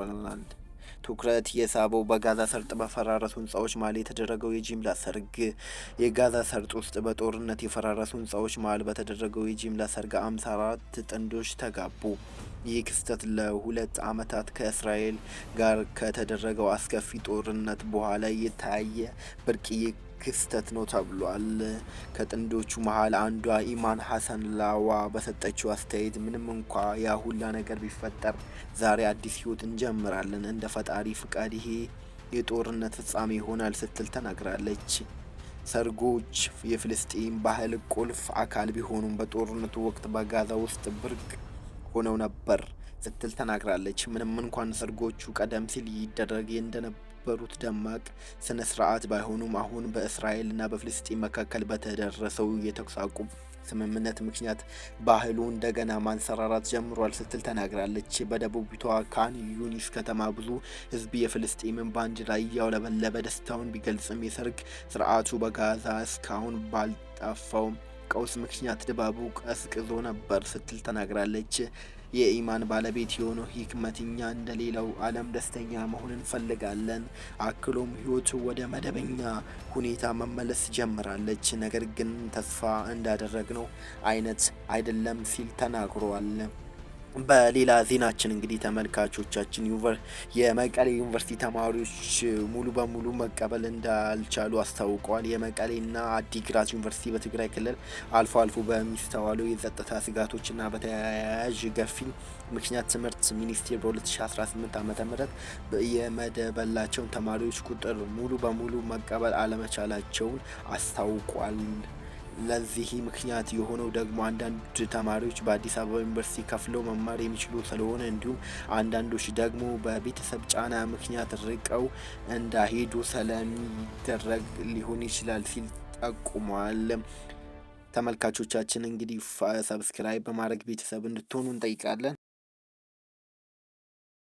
ሆላንድ ትኩረት የሳበው በጋዛ ሰርጥ በፈራረሱ ህንፃዎች መሀል የተደረገው የጅምላ ሰርግ። የጋዛ ሰርጥ ውስጥ በጦርነት የፈራረሱ ህንፃዎች መሀል በተደረገው የጅምላ ሰርግ አምሳ አራት ጥንዶች ተጋቡ። ይህ ክስተት ለሁለት ዓመታት ከእስራኤል ጋር ከተደረገው አስከፊ ጦርነት በኋላ የታየ ብርቅዬ ክስተት ነው ተብሏል። ከጥንዶቹ መሀል አንዷ ኢማን ሀሰን ላዋ በሰጠችው አስተያየት ምንም እንኳ ያ ሁላ ነገር ቢፈጠር ዛሬ አዲስ ህይወት እንጀምራለን፣ እንደ ፈጣሪ ፍቃድ ይሄ የጦርነት ፍጻሜ ይሆናል ስትል ተናግራለች። ሰርጎች የፍልስጤም ባህል ቁልፍ አካል ቢሆኑም በጦርነቱ ወቅት በጋዛ ውስጥ ብርቅ ሆነው ነበር። ስትል ተናግራለች። ምንም እንኳን ሰርጎቹ ቀደም ሲል ይደረግ የነበሩት ደማቅ ስነ ስርዓት ባይሆኑም አሁን በእስራኤልና በፍልስጤም መካከል በተደረሰው የተኩስ አቁም ስምምነት ምክንያት ባህሉ እንደገና ማንሰራራት ጀምሯል ስትል ተናግራለች። በደቡቢቷ ካን ዩኒስ ከተማ ብዙ ህዝብ የፍልስጤምን ባንዲራ እያውለበለበ ደስታውን ቢገልጽም የሰርግ ስርዓቱ በጋዛ እስካሁን ባልጠፋውም ቀውስ ምክንያት ድባቡ ቀዝቅዞ ነበር ስትል ተናግራለች። የኢማን ባለቤት የሆነው ሂክመት እኛ አለም ዓለም ደስተኛ መሆን እንፈልጋለን። አክሎም ህይወቱ ወደ መደበኛ ሁኔታ መመለስ ጀምራለች። ነገር ግን ተስፋ እንዳደረግነው አይነት አይደለም ሲል ተናግሯል። በሌላ ዜናችን እንግዲህ ተመልካቾቻችን የመቀሌ ዩኒቨርሲቲ ተማሪዎች ሙሉ በሙሉ መቀበል እንዳልቻሉ አስታውቀዋል። የመቀሌና አዲግራት ዩኒቨርሲቲ በትግራይ ክልል አልፎ አልፎ በሚስተዋለው የጸጥታ ስጋቶችና በተያያዥ ገፊ ምክንያት ትምህርት ሚኒስቴር በ2018 ዓ ም የመደበላቸውን ተማሪዎች ቁጥር ሙሉ በሙሉ መቀበል አለመቻላቸውን አስታውቋል። ለዚህ ምክንያት የሆነው ደግሞ አንዳንድ ተማሪዎች በአዲስ አበባ ዩኒቨርሲቲ ከፍለው መማር የሚችሉ ስለሆነ እንዲሁም አንዳንዶች ደግሞ በቤተሰብ ጫና ምክንያት ርቀው እንዳሄዱ ስለሚደረግ ሊሆን ይችላል ሲል ጠቁሟል። ተመልካቾቻችን እንግዲህ ሰብስክራይብ በማድረግ ቤተሰብ እንድትሆኑ እንጠይቃለን።